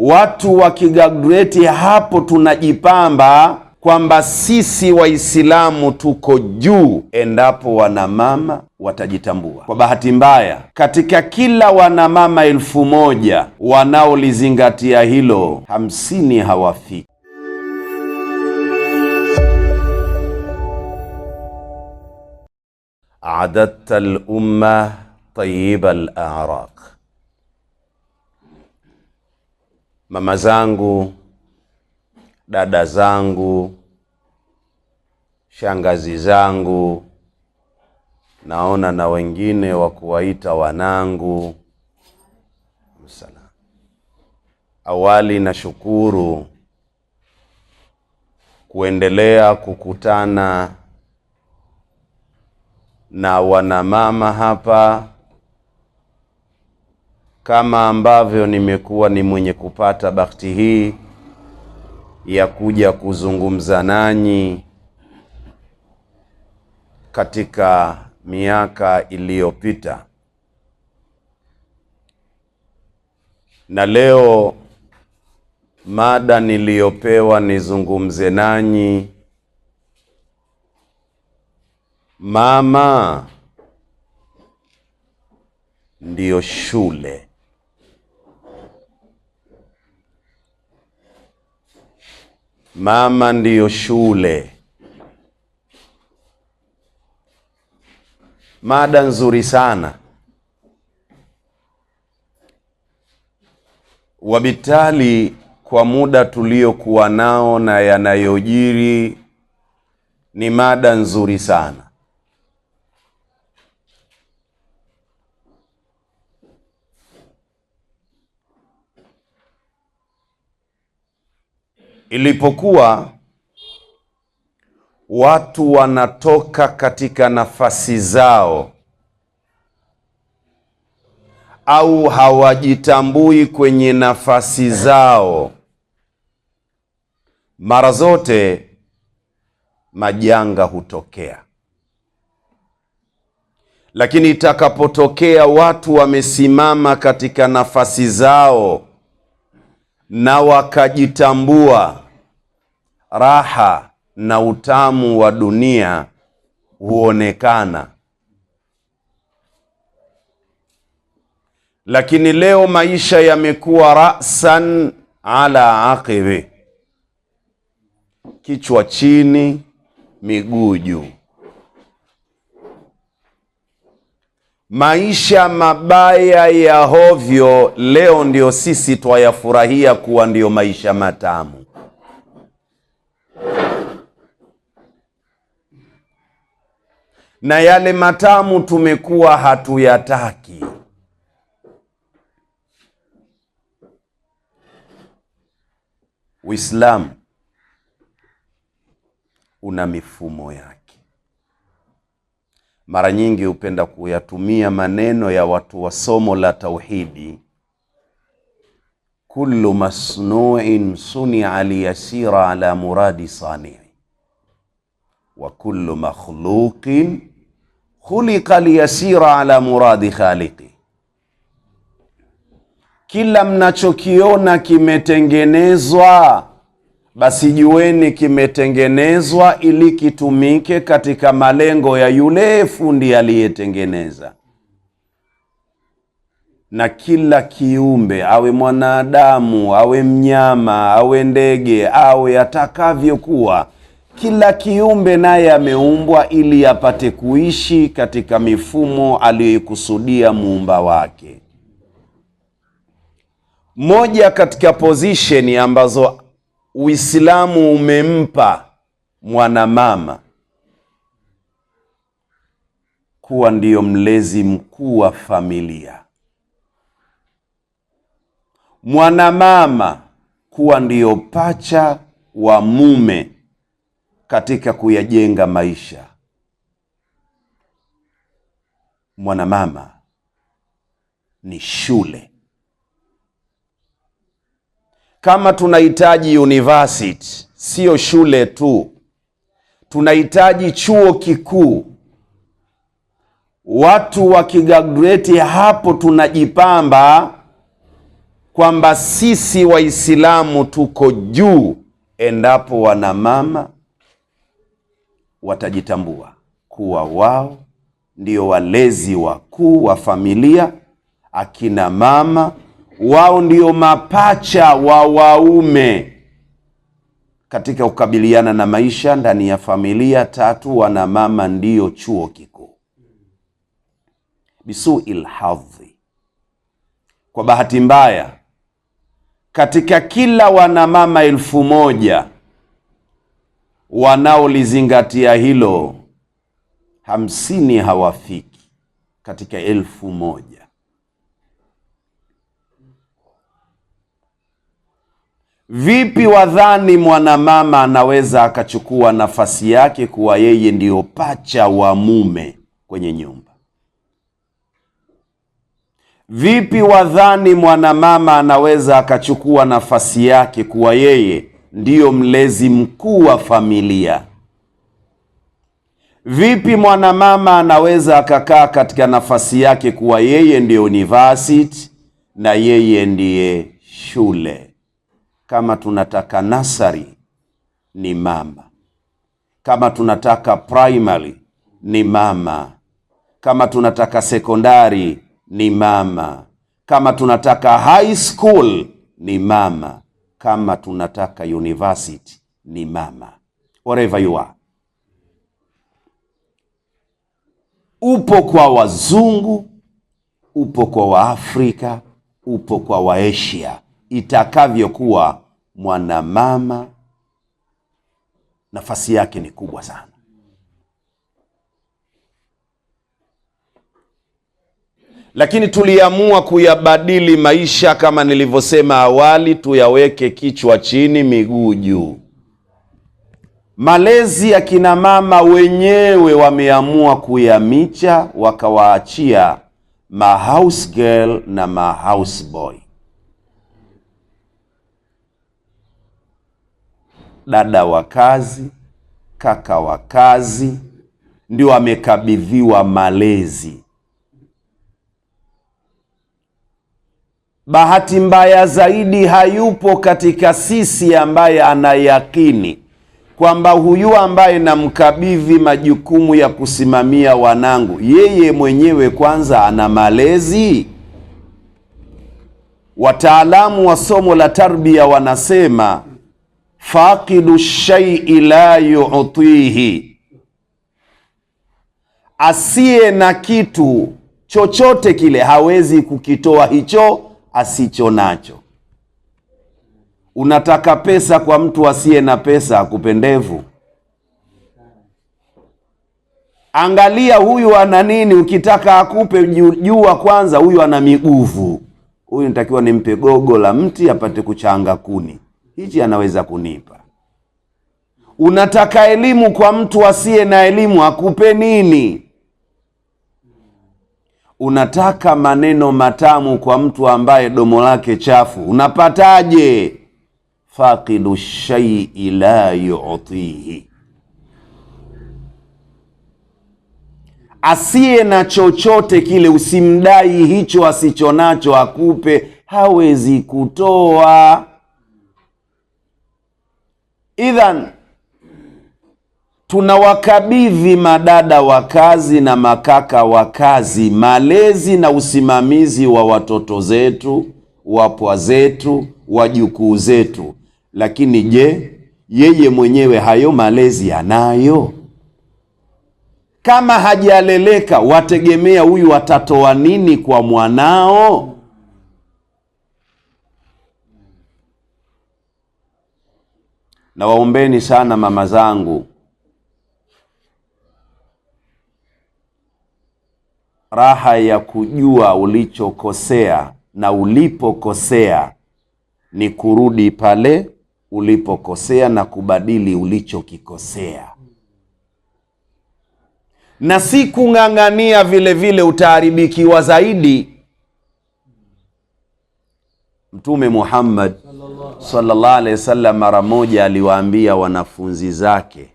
watu kigagreti hapo, tunajipamba kwamba sisi Waislamu tuko juu, endapo wanamama watajitambua. Kwa bahati mbaya, katika kila wanamama elfu moja wanaolizingatia hilo, hamsini hawafiki. adadta lumma tayiba laraq mama zangu, dada zangu, shangazi zangu, naona na wengine wa kuwaita wanangu. Msala awali, nashukuru kuendelea kukutana na wanamama hapa kama ambavyo nimekuwa ni mwenye kupata bahati hii ya kuja kuzungumza nanyi katika miaka iliyopita, na leo mada niliyopewa nizungumze nanyi, mama ndiyo shule. Mama ndiyo shule. Mada nzuri sana. Wabitali, kwa muda tuliokuwa nao na yanayojiri, ni mada nzuri sana. ilipokuwa watu wanatoka katika nafasi zao au hawajitambui kwenye nafasi zao, mara zote majanga hutokea. Lakini itakapotokea watu wamesimama katika nafasi zao na wakajitambua raha na utamu wa dunia huonekana. Lakini leo maisha yamekuwa rasan ala aqibi, kichwa chini, miguu juu. Maisha mabaya ya hovyo leo ndio sisi twayafurahia kuwa ndio maisha matamu. na yale matamu tumekuwa hatuyataki. Uislamu una mifumo yake. Mara nyingi hupenda kuyatumia maneno ya watu wa somo la tauhidi, kullu masnuin sunia liyasira ala muradi sanii wa kullu makhluqin khuliqa liyasira ala muradi khaliqi, kila mnachokiona kimetengenezwa basi jueni kimetengenezwa ili kitumike katika malengo ya yule fundi aliyetengeneza. Na kila kiumbe awe mwanadamu, awe mnyama, awe ndege, awe atakavyokuwa kila kiumbe naye ameumbwa ili apate kuishi katika mifumo aliyoikusudia muumba wake. Moja katika pozisheni ambazo Uislamu umempa mwanamama kuwa ndiyo mlezi mkuu wa familia, mwanamama kuwa ndiyo pacha wa mume katika kuyajenga maisha. Mwanamama ni shule. Kama tunahitaji university, siyo shule tu, tunahitaji chuo kikuu. Watu kigagreti hapo, tunajipamba kwamba sisi Waislamu tuko juu, endapo wanamama watajitambua kuwa wao ndio walezi wakuu wa familia. Akina mama wao ndio mapacha wa waume katika kukabiliana na maisha ndani ya familia. Tatu, wana mama ndio chuo kikuu. bisu ilhadhi. kwa bahati mbaya, katika kila wanamama elfu moja wanaolizingatia hilo hamsini hawafiki katika elfu moja. Vipi wadhani mwanamama anaweza akachukua nafasi yake kuwa yeye ndiyo pacha wa mume kwenye nyumba? Vipi wadhani mwanamama anaweza akachukua nafasi yake kuwa yeye ndiyo mlezi mkuu wa familia. Vipi mwanamama anaweza akakaa katika nafasi yake kuwa yeye ndiyo university na yeye ndiye shule? Kama tunataka nasari ni mama, kama tunataka primary ni mama, kama tunataka sekondari ni mama, kama tunataka high school ni mama kama tunataka university ni mama, wherever you are. Upo kwa wazungu, upo kwa Waafrika, upo kwa Waasia, itakavyokuwa mwanamama nafasi yake ni kubwa sana. lakini tuliamua kuyabadili maisha kama nilivyosema awali, tuyaweke kichwa chini miguu juu. Malezi ya kina mama wenyewe wameamua kuyamicha, wakawaachia mahouse girl na mahouse boy. Dada wa kazi, kaka wa kazi ndio amekabidhiwa malezi Bahati mbaya zaidi, hayupo katika sisi ambaye anayakini kwamba huyu ambaye namkabidhi majukumu ya kusimamia wanangu, yeye mwenyewe kwanza ana malezi. Wataalamu wa somo la tarbia wanasema faqidu shaii la yutihi, asiye na kitu chochote kile hawezi kukitoa hicho asicho nacho. Unataka pesa kwa mtu asiye na pesa akupe ndevu? Angalia huyu ana nini. Ukitaka akupe, jua kwanza huyu ana miguvu, huyu nitakiwa nimpe gogo la mti apate kuchanga kuni, hichi anaweza kunipa. Unataka elimu kwa mtu asiye na elimu akupe nini? unataka maneno matamu kwa mtu ambaye domo lake chafu, unapataje? faqidu shaii la yutihi, asiye na chochote kile, usimdai hicho asicho nacho akupe, hawezi kutoa idhan tunawakabidhi madada wa kazi na makaka wa kazi malezi na usimamizi wa watoto zetu, wapwa zetu, wajukuu zetu. Lakini je, yeye mwenyewe hayo malezi yanayo? Kama hajaleleka, wategemea huyu atatoa nini kwa mwanao? Na waombeni sana mama zangu raha ya kujua ulichokosea na ulipokosea ni kurudi pale ulipokosea na kubadili ulichokikosea, na si kung'ang'ania vile vile utaharibikiwa zaidi. Mtume Muhammad salllah alehi wasallam mara moja aliwaambia wanafunzi zake,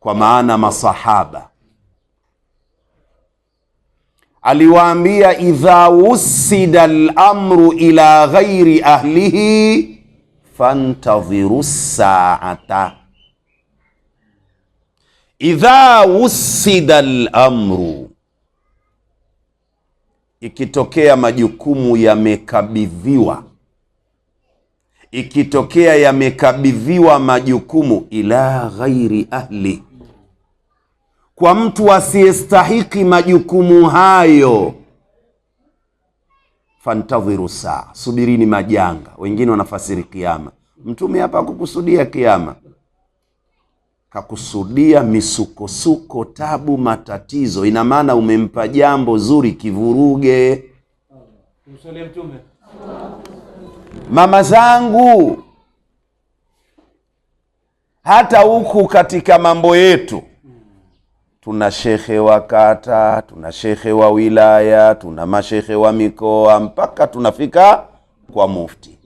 kwa maana masahaba aliwaambia idha wusida lamru ila ghairi ahlihi fantadhiru saata. Idha wusida lamru, ikitokea majukumu yamekabidhiwa, ikitokea yamekabidhiwa majukumu ila ghairi ahlihi kwa mtu asiyestahiki majukumu hayo, fantadhiru saa, subirini majanga. Wengine wanafasiri kiama. Mtume hapa akukusudia kiama, kakusudia misukosuko, tabu, matatizo. Ina maana umempa jambo zuri kivuruge. Mama zangu, hata huku katika mambo yetu tuna shekhe wa kata, tuna shekhe wa wilaya, tuna mashehe wa mikoa, mpaka tunafika kwa mufti.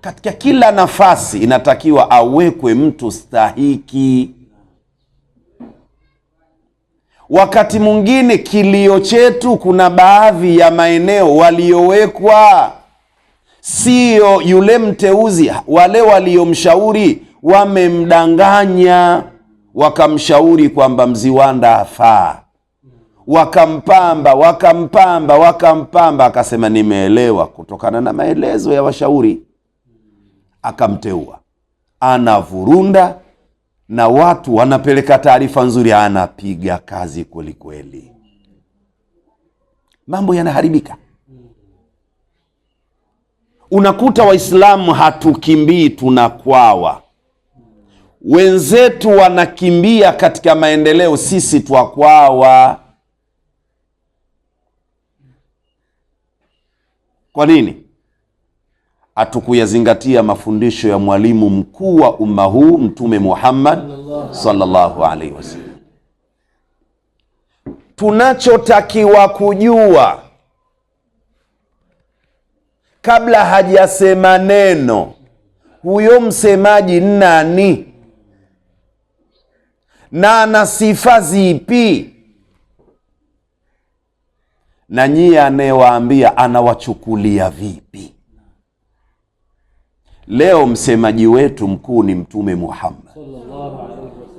Katika kila nafasi inatakiwa awekwe mtu stahiki. Wakati mwingine kilio chetu, kuna baadhi ya maeneo waliowekwa sio yule mteuzi, wale waliomshauri wamemdanganya wakamshauri kwamba Mziwanda afaa, wakampamba wakampamba wakampamba, akasema nimeelewa kutokana na maelezo ya washauri, akamteua anavurunda na watu wanapeleka taarifa nzuri, anapiga kazi kwelikweli, mambo yanaharibika. Unakuta Waislamu hatukimbii tunakwawa, wenzetu wanakimbia katika maendeleo, sisi twakwawa. Kwa nini? Hatukuyazingatia mafundisho ya mwalimu mkuu wa umma huu Mtume Muhammad sallallahu alaihi wasallam. Tunachotakiwa kujua kabla hajasema neno, huyo msemaji nani? na ana sifa zipi? Na nyie anayewaambia anawachukulia vipi? Leo msemaji wetu mkuu ni Mtume Muhammad.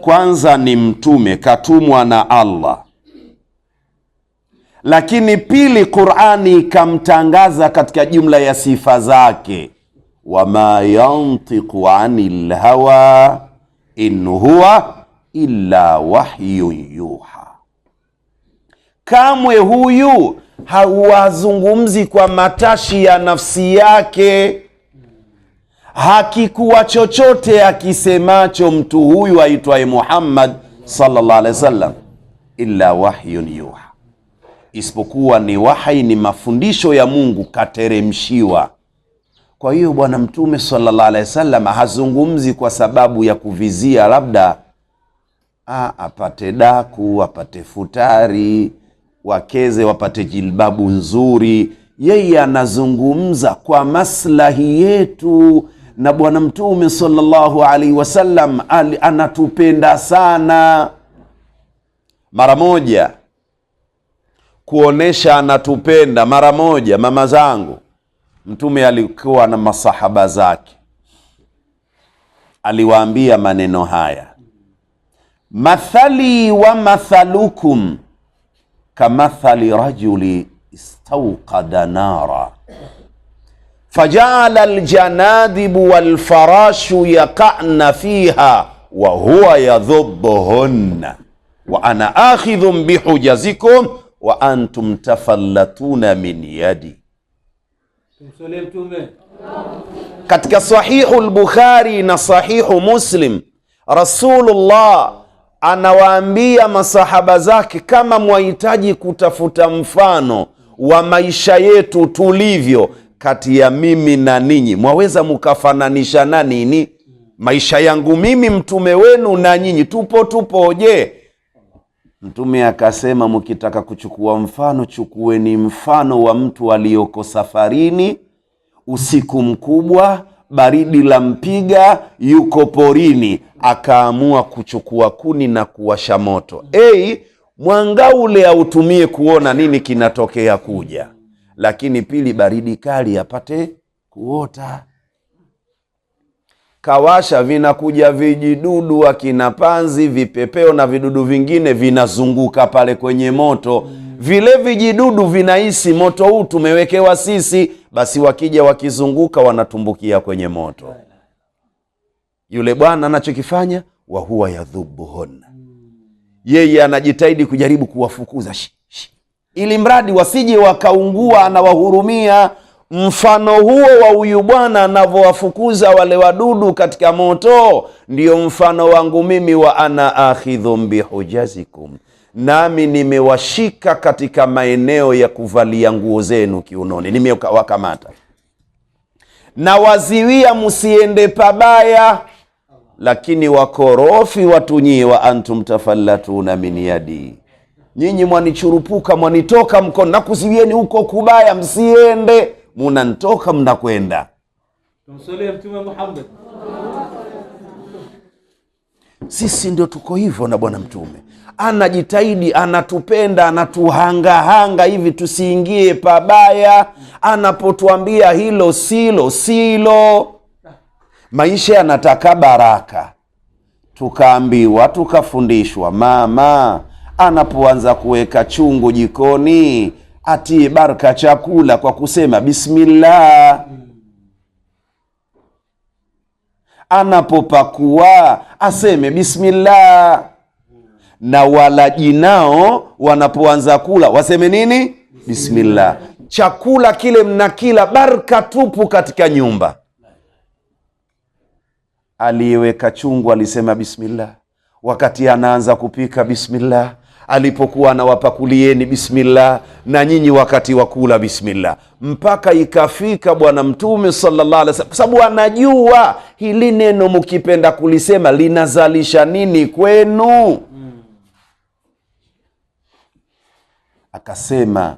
Kwanza ni mtume katumwa na Allah, lakini pili, Qurani ikamtangaza katika jumla ya sifa zake, wama yantiqu ani lhawa in huwa illa wahyun yuha, kamwe huyu hawazungumzi kwa matashi ya nafsi yake, hakikuwa chochote akisemacho mtu huyu aitwaye Muhammad sallallahu alaihi wasallam, illa wahyun yuha, isipokuwa ni wahai, ni mafundisho ya Mungu kateremshiwa. Kwa hiyo Bwana Mtume sallallahu alaihi wasallam hazungumzi kwa sababu ya kuvizia labda A, ah, apate daku, apate futari, wakeze wapate jilbabu nzuri. Yeye anazungumza kwa maslahi yetu, na Bwana Mtume sallallahu alaihi wasallam ali, anatupenda sana. Mara moja kuonesha anatupenda, mara moja, mama zangu, Mtume alikuwa na masahaba zake, aliwaambia maneno haya mathali wa mathalukum kamathali rajuli istawqada nara fajaala aljanadibu walfarashu yaqana fiha wa huwa yadhubuhunna wa ana akhidhun bihujazikum wa antum tafallatuna min yadi. Katika Sahihu lbukhari na Sahihu Muslim, Rasulullah anawaambia masahaba zake, kama mwahitaji kutafuta mfano wa maisha yetu tulivyo, kati ya mimi na ninyi mwaweza mkafananisha na nini? Maisha yangu mimi mtume wenu na nyinyi tupo tupoje? Mtume akasema, mkitaka kuchukua mfano, chukueni mfano wa mtu aliyoko safarini usiku mkubwa baridi la mpiga, yuko porini, akaamua kuchukua kuni na kuwasha moto. A, mwanga ule autumie kuona nini kinatokea kuja, lakini pili, baridi kali apate kuota kawasha, vinakuja vijidudu akina panzi, vipepeo na vidudu vingine vinazunguka pale kwenye moto. Vile vijidudu vinahisi moto huu tumewekewa sisi, basi wakija wakizunguka, wanatumbukia kwenye moto. Yule bwana anachokifanya wahuwa yadhubuhun, yeye anajitahidi kujaribu kuwafukuza shi, shi, ili mradi wasije wakaungua, anawahurumia Mfano huo wa huyu bwana anavyowafukuza wale wadudu katika moto, ndio mfano wangu mimi wa ana akhidhum bihujazikum, nami nimewashika katika maeneo ya kuvalia nguo zenu kiunoni, nimewakamata na waziwia msiende pabaya, lakini wakorofi watunyie, wa antum tafallatuna min yadi nyinyi mwanichurupuka, mwanitoka mkono, nakuziwieni huko kubaya, msiende munantoka mnakwenda. Mtume Muhammad. Sisi ndio tuko hivyo na Bwana Mtume anajitahidi, anatupenda, anatuhangahanga hivi tusiingie pabaya, anapotuambia hilo silo silo. Maisha yanataka baraka, tukaambiwa tukafundishwa, mama anapoanza kuweka chungu jikoni atie baraka chakula kwa kusema bismillah. anapopakua aseme bismillah, na walajinao wanapoanza kula waseme nini? Bismillah. Chakula kile mnakila baraka tupu katika nyumba. Aliyeweka chungu alisema bismillah, wakati anaanza kupika bismillah alipokuwa anawapakulieni bismillah na nyinyi wakati wa kula bismillah, mpaka ikafika Bwana Mtume sallallahu kwa sababu anajua hili neno mkipenda kulisema linazalisha nini kwenu. Akasema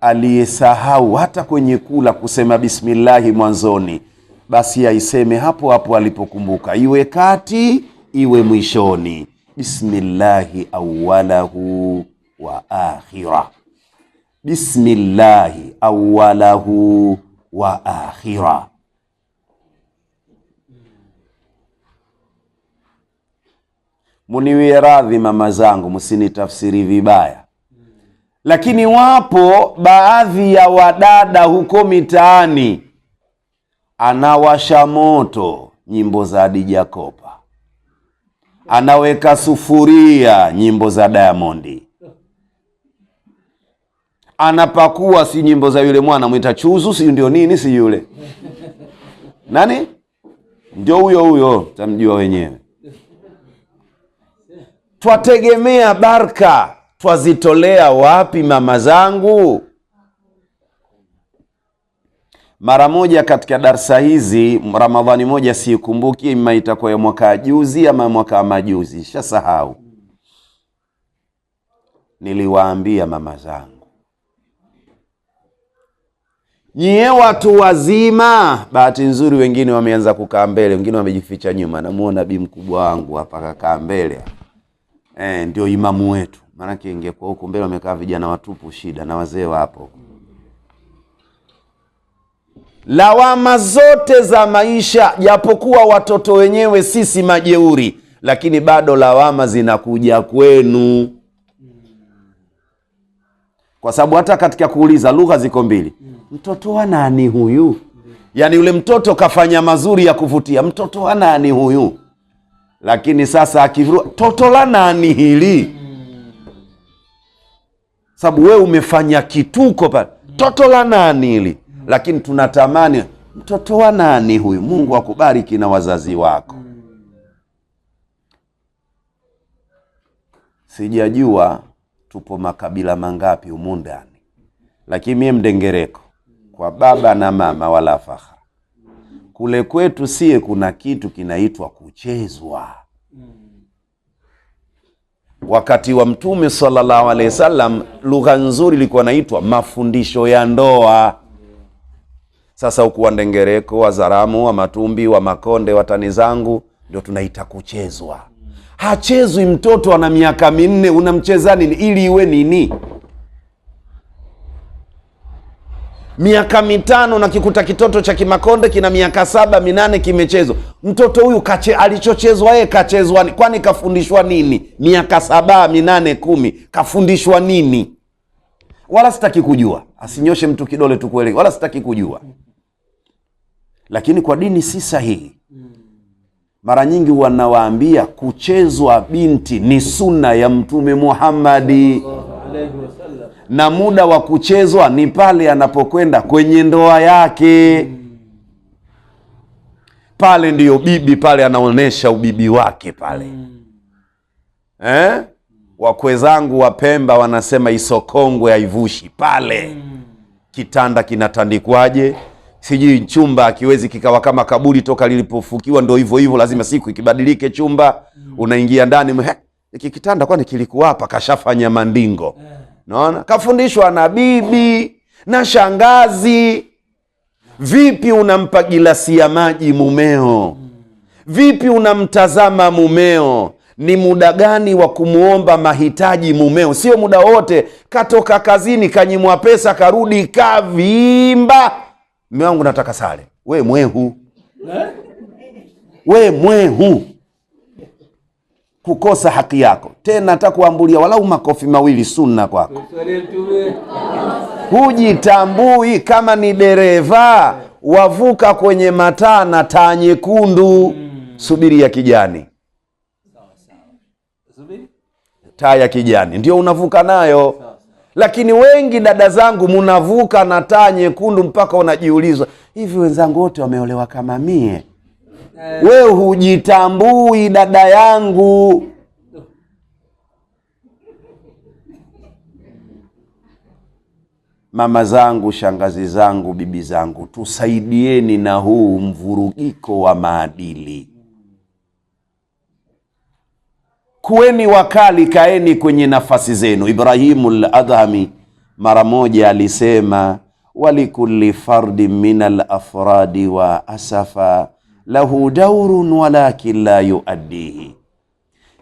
aliyesahau hata kwenye kula kusema bismillahi mwanzoni, basi aiseme hapo hapo alipokumbuka, iwe kati iwe mwishoni bismillahi awalahu wa akhira, bismillahi awalahu wa akhira. Muniwie radhi mama zangu, msinitafsiri vibaya, lakini wapo baadhi ya wadada huko mitaani anawasha moto nyimbo za Hadija Kopa anaweka sufuria nyimbo za Diamond, anapakua si nyimbo za yule mwana mwita Chuzu, si ndio nini, si yule nani, ndio huyo huyo, tamjua wenyewe. Twategemea barka twazitolea wapi mama zangu? Mara moja katika darsa hizi, Ramadhani moja siikumbuki, ima itakuwa ya mwaka juzi ama mwaka majuzi, shasahau. Niliwaambia mama zangu, nyie watu wazima. Bahati nzuri wengine wameanza kukaa mbele, wengine wamejificha nyuma. Namuona bi mkubwa wangu hapa kakaa mbele, e, ndio imamu wetu, maanake ingekuwa huku mbele wamekaa vijana watupu, shida na wazee wapo lawama zote za maisha, japokuwa watoto wenyewe sisi majeuri, lakini bado lawama zinakuja kwenu, kwa sababu hata katika kuuliza lugha ziko mbili. Mtoto wa nani huyu? Yaani yule mtoto kafanya mazuri ya kuvutia, mtoto wa nani huyu? Lakini sasa akivurua, toto la nani hili? Sababu we umefanya kituko pale, toto la nani hili? lakini tunatamani mtoto wa nani huyu? Mungu akubariki wa na wazazi wako. Sijajua tupo makabila mangapi humu ndani, lakini mie mdengereko kwa baba na mama, wala fahari kule kwetu sie, kuna kitu kinaitwa kuchezwa. Wakati wa Mtume sallallahu alaihi wasallam, lugha nzuri ilikuwa naitwa mafundisho ya ndoa. Sasa huku wa Ndengereko, wa Zaramu, wa Matumbi, wa Makonde, watani zangu, ndio tunaita kuchezwa. Hachezwi mtoto ana miaka minne, unamcheza nini? Ili iwe nini? Miaka mitano nakikuta kitoto cha Kimakonde kina miaka saba minane, kimechezwa. Mtoto huyu kache, alichochezwa yeye kachezwa, kwani kafundishwa nini? Miaka saba minane kumi, kafundishwa nini? Wala sitaki kujua. Asinyoshe mtu kidole tukuelewe, wala sitaki kujua lakini kwa dini si sahihi. Hmm. Mara nyingi wanawaambia kuchezwa binti ni sunna ya Mtume Muhammadi, na muda wa kuchezwa ni pale anapokwenda kwenye ndoa yake. Hmm. Pale ndiyo bibi, pale anaonyesha ubibi wake pale hmm. eh? Wakwe zangu Wapemba wanasema isokongwe haivushi pale. Kitanda kinatandikwaje? sijui chumba kiwezi kikawa kama kaburi toka lilipofukiwa, ndo hivyo hivyo, lazima siku ikibadilike chumba. Mm. Unaingia ndani, hiki kitanda kwani kilikuwa hapa? Kashafanya mandingo, eh. naona kafundishwa na bibi na shangazi. Vipi unampa gilasi ya maji mumeo? Mm. Vipi unamtazama mumeo? Ni muda gani wa kumwomba mahitaji mumeo? Sio muda wote. Katoka kazini, kanyimwa pesa, karudi kavimba mme wangu nataka sare. We mwehu, we mwehu, kukosa haki yako tena, takuambulia walau makofi mawili sunna kwako. Hujitambui kama ni dereva, wavuka kwenye mataa na taa nyekundu, subiri ya kijani, taa ya kijani ndio unavuka nayo. Lakini wengi dada zangu, mnavuka na taa nyekundu mpaka unajiuliza hivi, wenzangu wote wameolewa kama mie? Eh. we hujitambui dada yangu. Mama zangu, shangazi zangu, bibi zangu, tusaidieni na huu mvurugiko wa maadili. kuweni wakali, kaeni kwenye nafasi zenu. Ibrahimu Ladhami mara moja alisema walikulli fardin min alafradi wa asafa lahu daurun walakin la yuaddihi,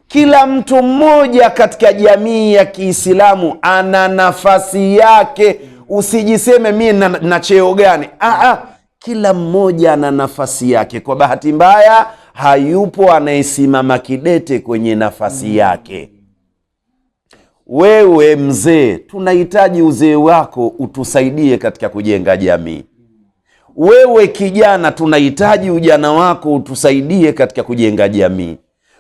kila mtu mmoja katika jamii ya Kiislamu ana nafasi yake. Usijiseme mi na, na cheo gani. Aa, kila mmoja ana nafasi yake. Kwa bahati mbaya hayupo anayesimama kidete kwenye nafasi mm. yake. Wewe mzee, tunahitaji uzee wako utusaidie katika kujenga jamii. Wewe kijana, tunahitaji ujana wako utusaidie katika kujenga jamii.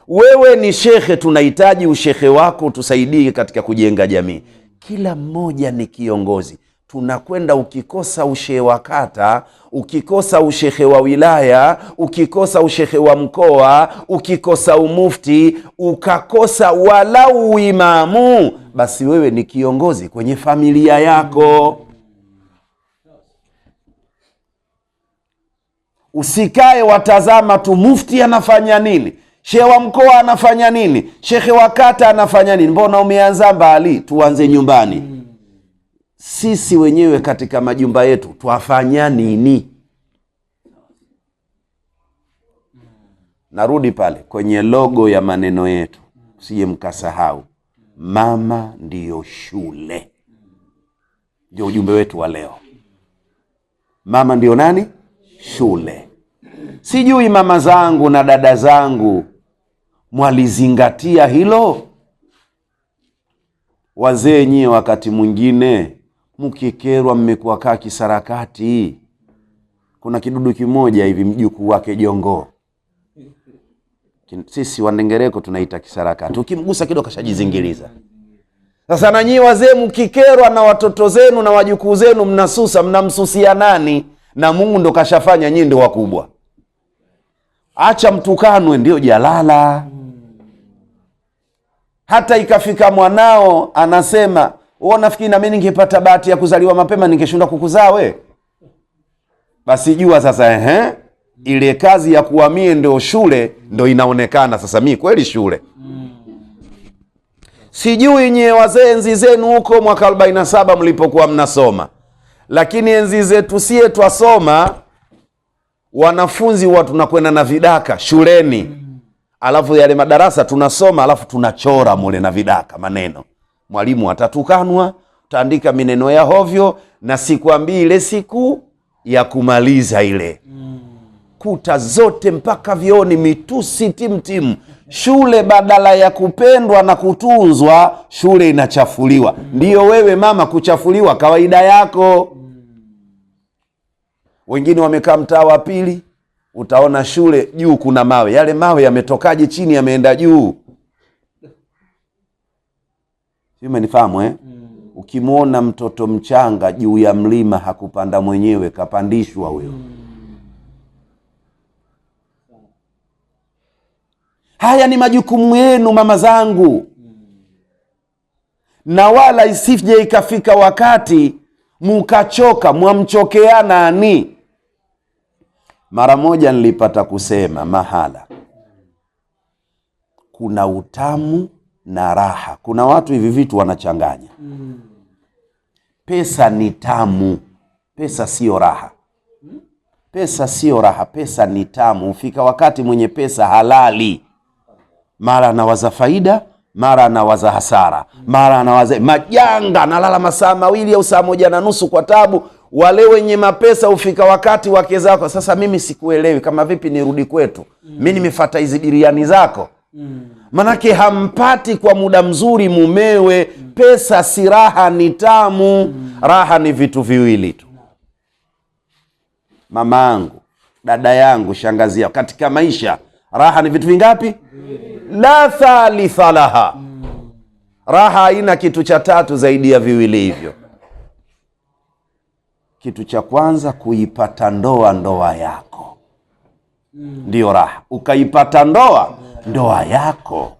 Wewe ni shekhe, tunahitaji ushekhe wako utusaidie katika kujenga jamii. Kila mmoja ni kiongozi tunakwenda ukikosa ushehe wa kata, ukikosa ushehe wa wilaya, ukikosa ushehe wa mkoa, ukikosa umufti, ukakosa walau uimamu, basi wewe ni kiongozi kwenye familia yako. Usikae watazama tu mufti anafanya nini, shehe wa mkoa anafanya nini, shehe wa kata anafanya nini. Mbona umeanza mbali? Tuanze nyumbani sisi wenyewe katika majumba yetu twafanya nini? Narudi pale kwenye logo ya maneno yetu, usije mkasahau, mama ndiyo shule. Ndio ujumbe wetu wa leo. Mama ndiyo nani? Shule. Sijui mama zangu na dada zangu mwalizingatia hilo. Wazee nyie, wakati mwingine mkikerwa, mmekuwa kaa kisarakati. Kuna kidudu kimoja hivi mjukuu wake Jongo, sisi Wandengereko tunaita kisarakati, ukimgusa kidogo kashajizingiriza. Sasa nanyi wazee mkikerwa na watoto zenu na wajukuu zenu, mnasusa, mnamsusia nani? Na Mungu ndo kashafanya, nyii ndo wakubwa. Acha mtukanwe, ndio jalala. Hata ikafika mwanao anasema wewe nafikiri na mimi ningepata bahati ya kuzaliwa mapema ningeshinda kukuzaa we? Basi jua sasa eh? ile kazi ya kuhamie ndio shule ndio inaonekana sasa mimi kweli shule. Sijui nyie wazee enzi zenu huko mwaka 47 saba mlipokuwa mnasoma, lakini enzi zetu sie twasoma, wanafunzi huwa tunakwenda na vidaka shuleni, alafu yale madarasa tunasoma, alafu tunachora mule na vidaka maneno mwalimu atatukanwa, taandika mineno ya hovyo, na ambii ile siku ya kumaliza ile Kuta zote mpaka vioni mitusi timtimu. Shule badala ya kupendwa na kutunzwa, shule inachafuliwa. Ndiyo wewe mama, kuchafuliwa kawaida yako. Wengine wamekaa mtaa wa pili, utaona shule juu kuna mawe. Yale mawe yametokaje chini yameenda juu? sio, umenifahamu eh? mm. Ukimwona mtoto mchanga juu ya mlima hakupanda mwenyewe, kapandishwa mm. huyo mm. Haya ni majukumu yenu mama zangu mm. na wala isije ikafika wakati mukachoka mwamchokea nani? Mara moja nilipata kusema mahala kuna utamu na raha. Kuna watu hivi vitu wanachanganya. Pesa ni tamu, pesa sio raha. Pesa sio raha, pesa ni tamu. Hufika wakati mwenye pesa halali, mara anawaza faida, mara anawaza hasara, mara anawaza majanga, analala masaa mawili au saa moja na nusu kwa tabu. Wale wenye mapesa hufika wakati wake zako, sasa mimi sikuelewi, kama vipi nirudi kwetu? mi nimefata hizi biriani zako mm manake hampati kwa muda mzuri mumewe. Pesa si raha, ni tamu. Raha ni vitu viwili tu, mama angu dada yangu, shangazi yao. Katika maisha raha ni vitu vingapi? La thalitha laha, raha haina kitu cha tatu zaidi ya viwili hivyo. Kitu cha kwanza kuipata ndoa, ndoa yako ndio raha. Ukaipata ndoa, ndoa yako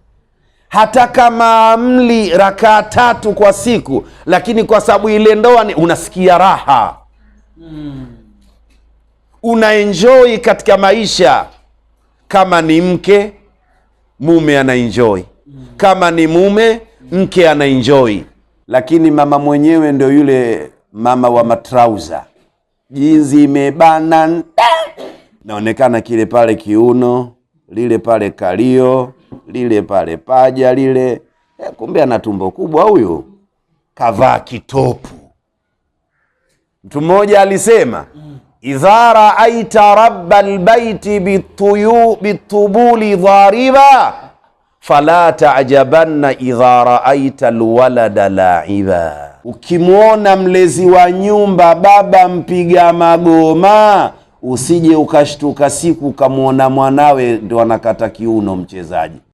hata kama mli rakaa tatu kwa siku, lakini kwa sababu ile ndoa ni unasikia raha Unaenjoi katika maisha. Kama ni mke mume anaenjoi Kama ni mume mke anaenjoi, lakini mama mwenyewe ndio yule mama wa matrauza, jinzi imebana naonekana kile pale kiuno lile pale kalio lile pale paja lile e, kumbe ana tumbo kubwa huyu, kavaa kitopu. Mtu mmoja alisema idha raaita rabba lbaiti bitubuli dhariba fala tajabanna idha raaita lwalada laiba, ukimwona mlezi wa nyumba baba mpiga magoma usije ukashtuka siku ukamwona mwanawe ndo anakata kiuno mchezaji.